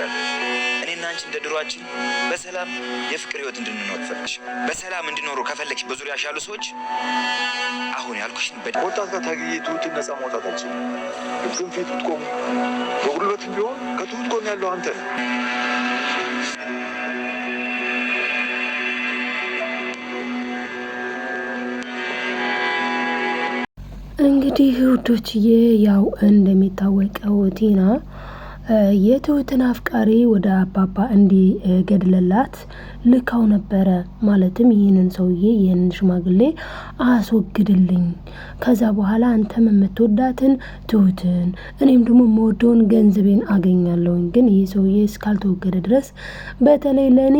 እፈልጋለሁ። እኔና አንቺ እንደ ድሯችን በሰላም የፍቅር ህይወት እንድንኖር ፈልግሽ፣ በሰላም እንዲኖሩ ከፈለግሽ በዙሪያሽ ያሉ ሰዎች አሁን ያልኩሽ ወጣት ጋር ታግዬ ትሁትን ነፃ ማውጣት አልችልም። ግብፅም ፊት ብትቆም በጉልበትም ቢሆን ከትሁት ጎን ያለው አንተ ነው። እንግዲህ ውዶችዬ ያው እንደሚታወቀው ቲና የትሁትን አፍቃሪ ወደ አባባ እንዲገድልላት ልካው ነበረ። ማለትም ይህንን ሰውዬ ይህንን ሽማግሌ አስወግድልኝ፣ ከዛ በኋላ አንተም የምትወዳትን ትሁትን እኔም ደግሞ የምወደውን ገንዘቤን አገኛለሁኝ። ግን ይህ ሰውዬ እስካልተወገደ ድረስ በተለይ ለእኔ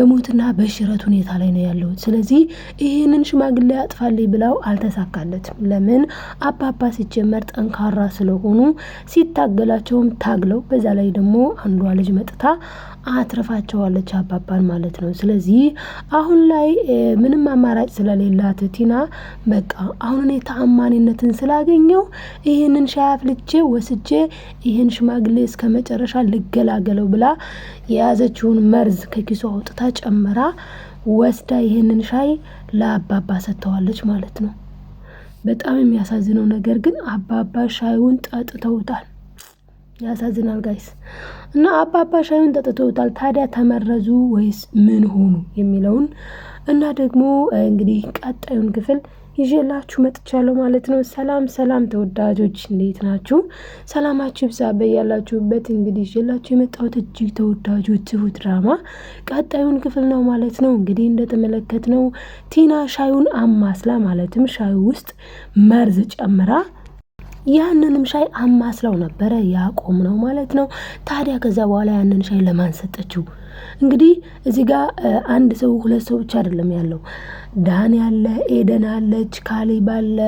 በሞትና በሽረት ሁኔታ ላይ ነው ያለሁት። ስለዚህ ይህንን ሽማግሌ አጥፋልኝ ብላው አልተሳካለትም። ለምን አባባ ሲጀመር ጠንካራ ስለሆኑ ሲታገላቸውም ታ ታግለው በዛ ላይ ደግሞ አንዷ ልጅ መጥታ አትረፋቸዋለች አባባን ማለት ነው። ስለዚህ አሁን ላይ ምንም አማራጭ ስለሌላት ቲና በቃ አሁን እኔ ተአማኒነትን ስላገኘው ይህንን ሻይ ልቼ ወስጄ ይህን ሽማግሌ እስከ መጨረሻ ልገላገለው ብላ የያዘችውን መርዝ ከኪሷ አውጥታ ጨምራ ወስዳ ይህንን ሻይ ለአባባ ሰጥተዋለች ማለት ነው። በጣም የሚያሳዝነው ነገር ግን አባባ ሻዩን ጠጥተውታል። ያሳዝናል ጋይስ። እና አባባ ሻዩን ጠጥቶታል። ታዲያ ተመረዙ ወይስ ምን ሆኑ የሚለውን እና ደግሞ እንግዲህ ቀጣዩን ክፍል ይዤላችሁ መጥቻለሁ ማለት ነው። ሰላም ሰላም ተወዳጆች እንዴት ናችሁ? ሰላማችሁ ይብዛ በያላችሁበት። እንግዲህ ይዤላችሁ የመጣሁት እጅግ ተወዳጁ ትሁት ድራማ ቀጣዩን ክፍል ነው ማለት ነው። እንግዲህ እንደተመለከትነው ቲና ሻዩን አማስላ ማለትም ሻዩ ውስጥ መርዝ ጨምራ ያንንም ሻይ አማስለው ነበረ ያቆም ነው ማለት ነው። ታዲያ ከዛ በኋላ ያንን ሻይ ለማን ሰጠችው? እንግዲህ እዚህ ጋር አንድ ሰው ሁለት ሰው ብቻ አይደለም ያለው። ዳን ያለ፣ ኤደን አለች፣ ካሊብ አለ፣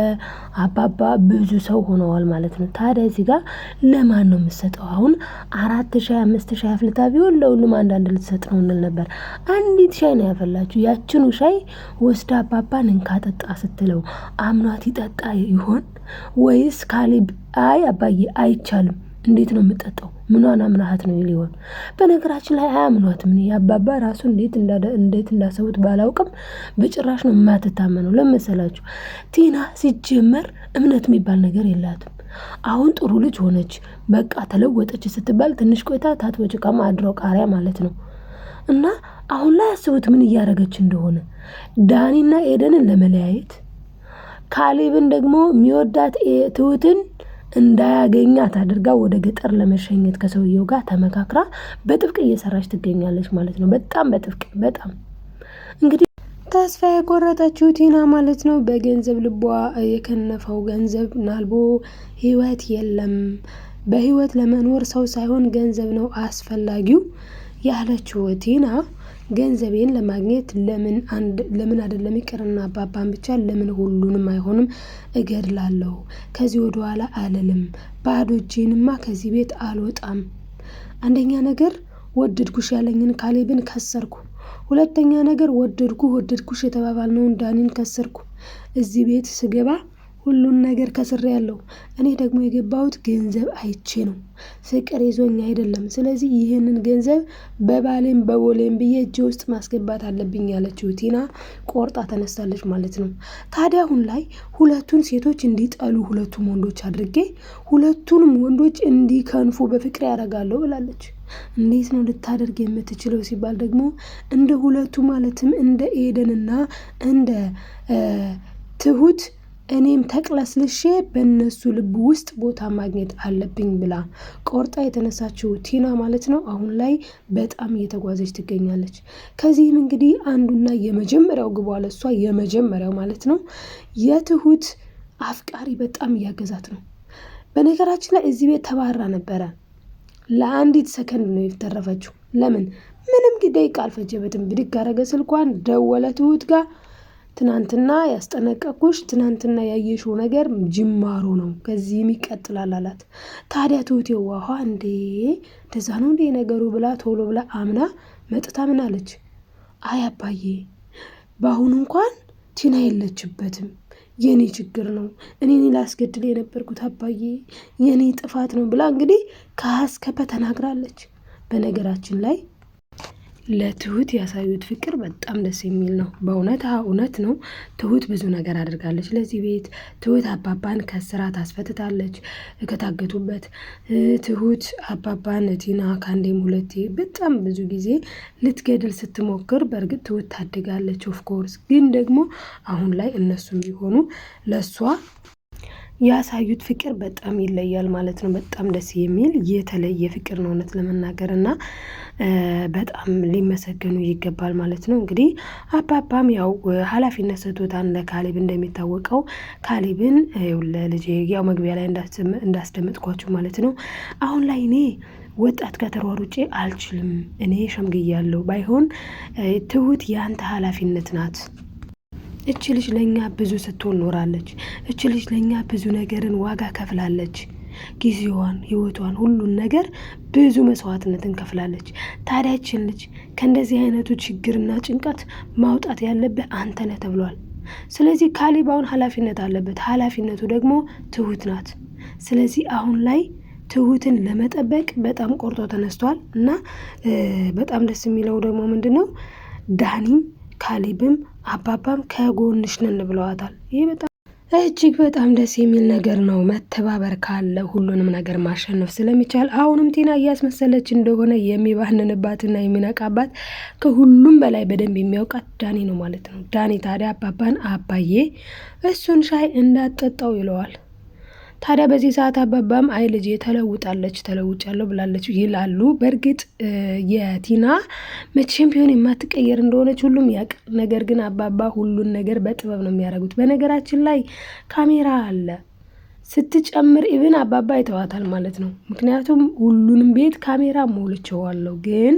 አባባ ብዙ ሰው ሆነዋል ማለት ነው። ታዲያ እዚህ ጋር ለማን ነው የምትሰጠው? አሁን አራት ሻይ አምስት ሻይ አፍልታ ቢሆን ለሁሉም አንዳንድ ልትሰጥ ነው እንል ነበር። አንዲት ሻይ ነው ያፈላችሁ። ያችኑ ሻይ ወስዳ አባባን እንካ ጠጣ ስትለው አምኗት ይጠጣ ይሆን ወይስ ካሊብ አይ አባዬ አይቻልም እንዴት ነው የምጠጣው? ምኗን አምናሃት ነው ሊሆን? በነገራችን ላይ አያምኗት። ምን አባባ ራሱ እንዴት እንዴት እንዳሰቡት ባላውቅም በጭራሽ ነው የማትታመነው። ለመሰላችሁ ቲና ሲጀመር እምነት የሚባል ነገር የላትም። አሁን ጥሩ ልጅ ሆነች፣ በቃ ተለወጠች ስትባል ትንሽ ቆይታ ታት በጭቃማ አድረው ቃሪያ ማለት ነው እና አሁን ላይ አስቡት ምን እያደረገች እንደሆነ ዳኒና ኤደንን ለመለያየት ካሌብን ደግሞ የሚወዳት ትሁትን እንዳያገኛት አድርጋ ወደ ገጠር ለመሸኘት ከሰውየው ጋር ተመካክራ በጥብቅ እየሰራች ትገኛለች ማለት ነው። በጣም በጥብቅ በጣም እንግዲህ ተስፋ የቆረጠችው ቲና ማለት ነው። በገንዘብ ልቧ የከነፈው ገንዘብ ናልቦ ህይወት የለም። በህይወት ለመኖር ሰው ሳይሆን ገንዘብ ነው አስፈላጊው ያለችው ቲና ገንዘቤን ለማግኘት ለምን አንድ ለምን አይደለም ይቅርና አባባን ብቻ ለምን ሁሉንም አይሆንም እገድላለሁ። ከዚህ ወደኋላ አልልም። ባዶ እጄንማ ከዚህ ቤት አልወጣም። አንደኛ ነገር ወደድኩሽ ያለኝን ካሌብን ከሰርኩ። ሁለተኛ ነገር ወደድኩ ወደድኩሽ የተባባልነውን ዳኒን ከሰርኩ። እዚህ ቤት ስገባ ሁሉን ነገር ከስር ያለው እኔ ደግሞ የገባሁት ገንዘብ አይቼ ነው። ፍቅር ይዞኝ አይደለም። ስለዚህ ይህንን ገንዘብ በባሌም በቦሌም ብዬ እጅ ውስጥ ማስገባት አለብኝ ያለችው ቲና ቆርጣ ተነስታለች ማለት ነው። ታዲያ አሁን ላይ ሁለቱን ሴቶች እንዲጠሉ ሁለቱም ወንዶች አድርጌ ሁለቱንም ወንዶች እንዲከንፉ በፍቅር ያደርጋለሁ ብላለች። እንዴት ነው ልታደርግ የምትችለው ሲባል ደግሞ እንደ ሁለቱ ማለትም እንደ ኤደንና እንደ ትሁት እኔም ተቅለስልሼ በእነሱ ልብ ውስጥ ቦታ ማግኘት አለብኝ ብላ ቆርጣ የተነሳችው ቲና ማለት ነው አሁን ላይ በጣም እየተጓዘች ትገኛለች። ከዚህም እንግዲህ አንዱና የመጀመሪያው ግቧ ለሷ የመጀመሪያው ማለት ነው የትሁት አፍቃሪ በጣም እያገዛት ነው። በነገራችን ላይ እዚህ ቤት ተባራ ነበረ። ለአንዲት ሰከንድ ነው የተረፈችው። ለምን ምንም ደቂቃ አልፈጀበትም። ብድግ አረገ ስልኳን ደወለ ትሁት ጋር ትናንትና ያስጠነቀቅኩሽ ትናንትና ያየሽው ነገር ጅማሮ ነው፣ ከዚህም ይቀጥላል አላት። ታዲያ ትሁቴ ዋኋ እንዴ እንደዛ ነው እንዴ ነገሩ ብላ ቶሎ ብላ አምና መጥታ ምን አለች? አይ አባዬ በአሁኑ እንኳን ቲና የለችበትም የኔ ችግር ነው፣ እኔን ላስገድል የነበርኩት አባዬ የኔ ጥፋት ነው ብላ እንግዲህ ከሀስከፈ ተናግራለች። በነገራችን ላይ ለትሁት ያሳዩት ፍቅር በጣም ደስ የሚል ነው። በእውነት እውነት ነው። ትሁት ብዙ ነገር አድርጋለች ለዚህ ቤት። ትሁት አባባን ከስራ ታስፈትታለች ከታገቱበት። ትሁት አባባን ቲና ከአንዴም ሁለቴ በጣም ብዙ ጊዜ ልትገድል ስትሞክር፣ በእርግጥ ትሁት ታድጋለች። ኦፍኮርስ ግን ደግሞ አሁን ላይ እነሱም ቢሆኑ ለእሷ ያሳዩት ፍቅር በጣም ይለያል ማለት ነው። በጣም ደስ የሚል የተለየ ፍቅር ነው እውነት ለመናገር እና በጣም ሊመሰገኑ ይገባል ማለት ነው። እንግዲህ አባባም ያው ኃላፊነት ሰቶታን ለካሌብ እንደሚታወቀው ካሌብን ለልጅ ያው መግቢያ ላይ እንዳስደመጥኳችሁ ማለት ነው አሁን ላይ እኔ ወጣት ከተሯሩጬ አልችልም። እኔ ሸምግያለሁ። ባይሆን ትሁት የአንተ ኃላፊነት ናት እች ልጅ ለእኛ ብዙ ስትሆን ኖራለች። እች ልጅ ለእኛ ብዙ ነገርን ዋጋ ከፍላለች። ጊዜዋን፣ ህይወቷን፣ ሁሉን ነገር ብዙ መስዋዕትነትን ከፍላለች። ታዲያችን ልጅ ከእንደዚህ አይነቱ ችግርና ጭንቀት ማውጣት ያለብህ አንተ ነህ ተብሏል። ስለዚህ ካሌብ አሁን ኃላፊነት አለበት። ኃላፊነቱ ደግሞ ትሁት ናት። ስለዚህ አሁን ላይ ትሁትን ለመጠበቅ በጣም ቆርጦ ተነስቷል እና በጣም ደስ የሚለው ደግሞ ምንድን ነው ዳኒም ካሌብም አባባም ከጎንሽ ነን ብለዋታል። ይህ በጣም እጅግ በጣም ደስ የሚል ነገር ነው። መተባበር ካለ ሁሉንም ነገር ማሸነፍ ስለሚቻል አሁንም ቲና እያስመሰለች እንደሆነ የሚባንንባትና የሚነቃባት ከሁሉም በላይ በደንብ የሚያውቃት ዳኒ ነው ማለት ነው። ዳኒ ታዲያ አባባን አባዬ እሱን ሻይ እንዳጠጣው ይለዋል። ታዲያ በዚህ ሰዓት አባባም አይ ልጄ ተለውጣለች ተለውጫለሁ ብላለች ይላሉ። በእርግጥ የቲና መቼም ቢሆን የማትቀየር እንደሆነች ሁሉም ያቅ፣ ነገር ግን አባባ ሁሉን ነገር በጥበብ ነው የሚያደርጉት። በነገራችን ላይ ካሜራ አለ ስትጨምር ኢብን አባባ ይተዋታል ማለት ነው። ምክንያቱም ሁሉንም ቤት ካሜራ ሞልቼዋለሁ፣ ግን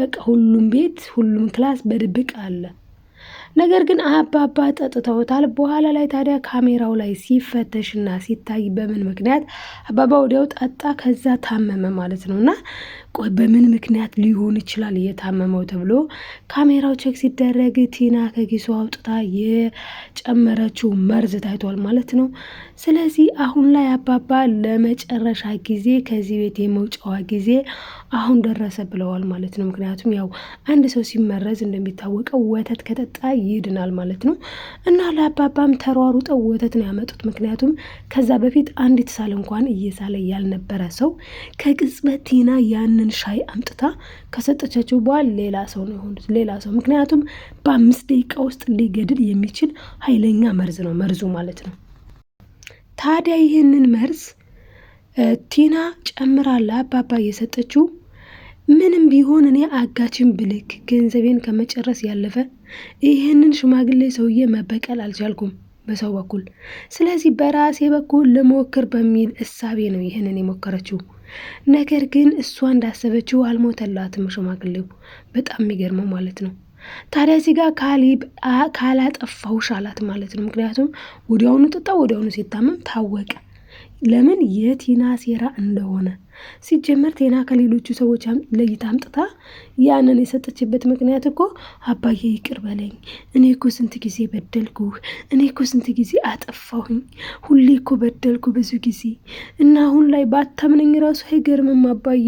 በቃ ሁሉም ቤት ሁሉም ክላስ በድብቅ አለ። ነገር ግን አባባ ጠጥተውታል። በኋላ ላይ ታዲያ ካሜራው ላይ ሲፈተሽና ሲታይ በምን ምክንያት አባባ ወዲያው ጠጣ፣ ከዛ ታመመ ማለት ነው እና ቆይ በምን ምክንያት ሊሆን ይችላል እየታመመው ተብሎ ካሜራው ቼክ ሲደረግ ቲና ከኪሷ አውጥታ የጨመረችው መርዝ ታይቷል ማለት ነው። ስለዚህ አሁን ላይ አባባ ለመጨረሻ ጊዜ ከዚህ ቤት የመውጫዋ ጊዜ አሁን ደረሰ ብለዋል ማለት ነው። ምክንያቱም ያው አንድ ሰው ሲመረዝ እንደሚታወቀው ወተት ከጠጣ ይድናል ማለት ነው እና ለአባባም ተሯሩጠው ወተት ነው ያመጡት። ምክንያቱም ከዛ በፊት አንዲት ሳል እንኳን እየሳለ ያልነበረ ሰው ከቅጽበት ቲና ያንን ያንን ሻይ አምጥታ ከሰጠቻቸው በኋላ ሌላ ሰው ነው የሆኑት። ሌላ ሰው ምክንያቱም በአምስት ደቂቃ ውስጥ ሊገድል የሚችል ኃይለኛ መርዝ ነው መርዙ ማለት ነው። ታዲያ ይህንን መርዝ ቲና ጨምራላ አባባ እየሰጠችው ምንም ቢሆን እኔ አጋችን ብልክ ገንዘቤን ከመጨረስ ያለፈ ይህንን ሽማግሌ ሰውዬ መበቀል አልቻልኩም በሰው በኩል ስለዚህ በራሴ በኩል ልሞክር በሚል እሳቤ ነው ይህንን የሞከረችው። ነገር ግን እሷ እንዳሰበችው አልሞተላትም ሽማግሌው። በጣም የሚገርመው ማለት ነው። ታዲያ እዚህ ጋር ካሊብ ካላጠፋሁሽ አላት ማለት ነው። ምክንያቱም ወዲያውኑ ጥጣ ወዲያውኑ ሲታመም ታወቀ። ለምን የቲና ሴራ እንደሆነ ሲጀመር ቴና ከሌሎቹ ሰዎች ለይታ አምጥታ ያንን የሰጠችበት ምክንያት እኮ አባዬ ይቅር በለኝ፣ እኔ እኮ ስንት ጊዜ በደልኩህ፣ እኔ እኮ ስንት ጊዜ አጠፋሁኝ፣ ሁሌ እኮ በደልኩ ብዙ ጊዜ እና አሁን ላይ ባታምነኝ ራሱ አይገርምም አባዬ፣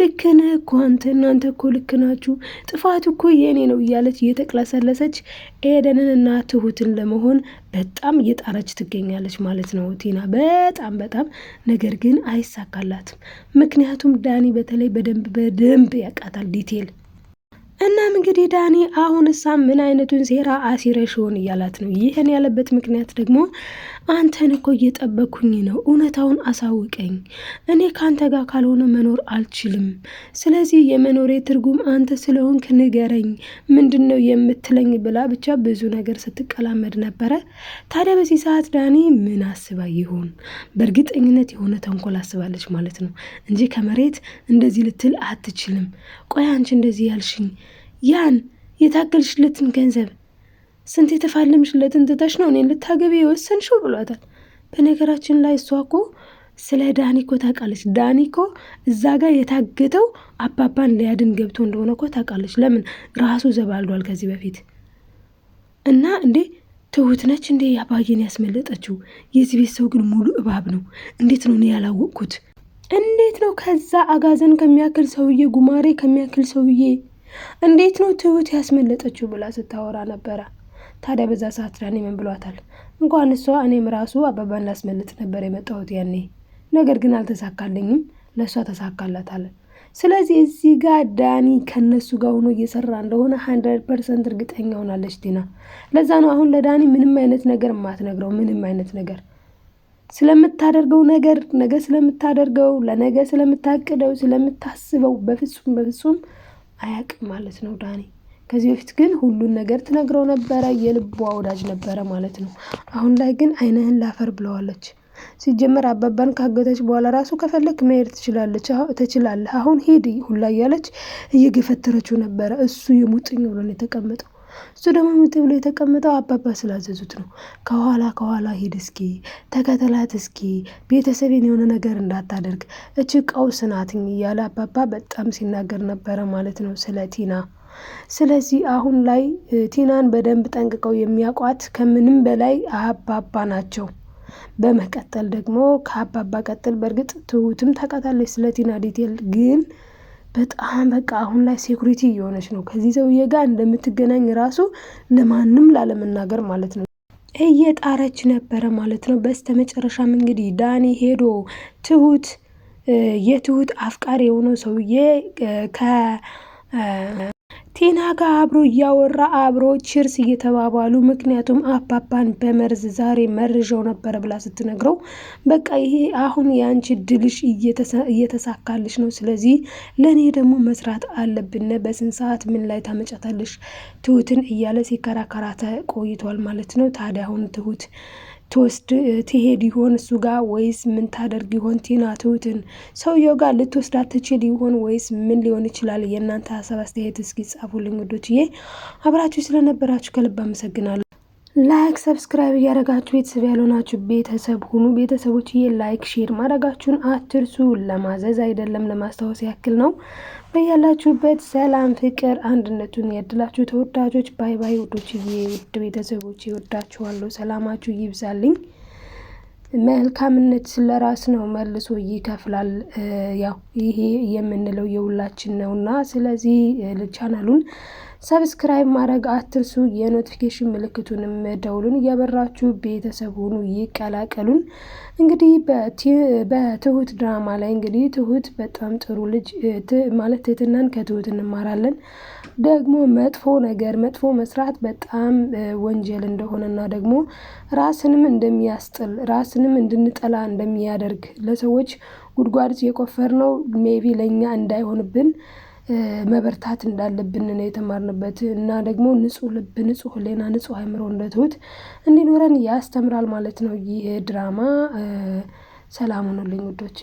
ልክ ነህ እኮ አንተ፣ እናንተ እኮ ልክ ናችሁ፣ ጥፋቱ እኮ የእኔ ነው እያለች እየተቅለሰለሰች ኤደንንና ትሁትን ለመሆን በጣም እየጣረች ትገኛለች ማለት ነው ቲና በጣም በጣም ነገር ግን አይሳካላትም። ምክንያቱም ዳኒ በተለይ በደንብ በደንብ ያውቃታል ዲቴል እናም እንግዲህ ዳኒ አሁን እሳ ምን አይነቱን ሴራ አሲረሽ እያላት ነው። ይህን ያለበት ምክንያት ደግሞ አንተን እኮ እየጠበኩኝ ነው፣ እውነታውን አሳውቀኝ። እኔ ከአንተ ጋር ካልሆነ መኖር አልችልም። ስለዚህ የመኖሬ ትርጉም አንተ ስለሆንክ ንገረኝ፣ ምንድን ነው የምትለኝ ብላ ብቻ ብዙ ነገር ስትቀላመድ ነበረ። ታዲያ በዚህ ሰዓት ዳኒ ምን አስባ ይሆን? በእርግጠኝነት የሆነ ተንኮል አስባለች ማለት ነው እንጂ ከመሬት እንደዚህ ልትል አትችልም። ቆይ አንቺ እንደዚህ ያልሽኝ ያን የታገልሽለትን ገንዘብ ስንት የተፋለምሽለትን ትተሽ ነው እኔን ልታገቢ የወሰንሽው ብሏታል። በነገራችን ላይ እሷ እኮ ስለ ዳኒ እኮ ታውቃለች። ዳኒ እኮ እዛ ጋር የታገተው አባባን ሊያድን ገብቶ እንደሆነ እኮ ታውቃለች። ለምን ራሱ ዘባልዷል ከዚህ በፊት እና እንዴ ትሁት ነች እንዴ አባዬን ያስመለጠችው? የዚህ ቤት ሰው ግን ሙሉ እባብ ነው። እንዴት ነው እኔ ያላወቅኩት? እንዴት ነው ከዛ አጋዘን ከሚያክል ሰውዬ፣ ጉማሬ ከሚያክል ሰውዬ እንዴት ነው ትሁት ያስመለጠችው ብላ ስታወራ ነበረ። ታዲያ በዛ ሰዓት ዳኔ ምን ብሏታል? እንኳን እሷ እኔም ራሱ አበባን ላስመልጥ ነበር የመጣሁት ያኔ፣ ነገር ግን አልተሳካልኝም፣ ለእሷ ተሳካላታል። ስለዚህ እዚህ ጋር ዳኒ ከነሱ ጋር ሆኖ እየሰራ እንደሆነ ሀንድረድ ፐርሰንት እርግጠኛ ሆናለች ቲና። ለዛ ነው አሁን ለዳኒ ምንም አይነት ነገር የማትነግረው ምንም አይነት ነገር ስለምታደርገው ነገር ነገ ስለምታደርገው ለነገ ስለምታቅደው ስለምታስበው በፍጹም በፍጹም አያቅም ማለት ነው ዳኒ። ከዚህ በፊት ግን ሁሉን ነገር ትነግረው ነበረ፣ የልቧ ወዳጅ ነበረ ማለት ነው። አሁን ላይ ግን አይንህን ላፈር ብለዋለች። ሲጀመር አባባን ካገተች በኋላ ራሱ ከፈለክ መሄድ ትችላለች ትችላለህ፣ አሁን ሂድ ሁላ እያለች እየገፈተረችው ነበረ። እሱ የሙጥኝ ብሎን የተቀመጠው እሱ ደግሞ ምት ብሎ የተቀመጠው አባባ ስላዘዙት ነው። ከኋላ ከኋላ ሂድ እስኪ ተከተላት እስኪ ቤተሰቤን የሆነ ነገር እንዳታደርግ እች ቀውስ ናት እያለ አባባ በጣም ሲናገር ነበረ ማለት ነው ስለ ቲና። ስለዚህ አሁን ላይ ቲናን በደንብ ጠንቅቀው የሚያውቋት ከምንም በላይ አባባ ናቸው። በመቀጠል ደግሞ ከአባባ ቀጥል በእርግጥ ትሁትም ታውቃታለች ስለ ቲና ዲቴል ግን በጣም በቃ አሁን ላይ ሴኩሪቲ እየሆነች ነው። ከዚህ ሰውዬ ጋር እንደምትገናኝ ራሱ ለማንም ላለመናገር ማለት ነው እየጣረች ነበረ ማለት ነው። በስተ መጨረሻም እንግዲህ ዳኒ ሄዶ ትሁት የትሁት አፍቃሪ የሆነው ሰውዬ ከ ቴና ጋር አብሮ እያወራ አብሮ ችርስ እየተባባሉ ምክንያቱም አፓፓን በመርዝ ዛሬ መርዣው ነበረ ብላ ስትነግረው በቃ ይሄ አሁን የአንቺ ድልሽ እየተሳካልሽ ነው፣ ስለዚህ ለእኔ ደግሞ መስራት አለብን፣ በስንት ሰዓት ምን ላይ ታመጫታለሽ ትሁትን እያለ ሲከራከራተ ቆይቷል ማለት ነው። ታዲያ አሁን ትሁት ትወስድ ትሄድ ይሆን እሱ ጋር ወይስ ምን ታደርግ ይሆን? ቲና ትሁትን ሰውየው ጋር ልትወስዳ ትችል ይሆን ወይስ ምን ሊሆን ይችላል? የእናንተ ሀሳብ አስተያየት እስኪ ጻፉልኝ ውዶችዬ። አብራችሁ ስለነበራችሁ ከልብ አመሰግናለሁ። ላይክ ሰብስክራይብ እያደረጋችሁ ቤተሰብ ያልሆናችሁ ቤተሰብ ሁኑ። ቤተሰቦችዬ ላይክ ሼር ማድረጋችሁን አትርሱ። ለማዘዝ አይደለም ለማስታወስ ያክል ነው። በያላችሁበት ሰላም፣ ፍቅር፣ አንድነቱን ያድላችሁ ተወዳጆች። ባይ ባይ ውዶችዬ፣ ውድ ቤተሰቦች ወዳችኋለሁ። ሰላማችሁ ይብዛልኝ። መልካምነት ለራስ ነው መልሶ ይከፍላል። ያው ይሄ የምንለው የሁላችን ነውና ስለዚህ ቻናሉን ሰብስክራይብ ማድረግ አትርሱ። የኖቲፊኬሽን ምልክቱንም ደውሉን እያበራችሁ ቤተሰብ ይቀላቀሉን። እንግዲህ በትሁት ድራማ ላይ እንግዲህ ትሁት በጣም ጥሩ ልጅ ማለት ትህትናን ከትሁት እንማራለን። ደግሞ መጥፎ ነገር መጥፎ መስራት በጣም ወንጀል እንደሆነና ደግሞ ራስንም እንደሚያስጥል ራስንም እንድንጠላ እንደሚያደርግ ለሰዎች ጉድጓድ ነው ሜቢ ለእኛ እንዳይሆንብን መበርታት እንዳለብን ነው የተማርንበት እና ደግሞ ንጹህ ልብ፣ ንጹህ ሌና ንጹህ አይምሮ እንደትሁት እንዲኖረን ያስተምራል ማለት ነው ይህ ድራማ። ሰላም ሁኑልኝ ውዶቼ።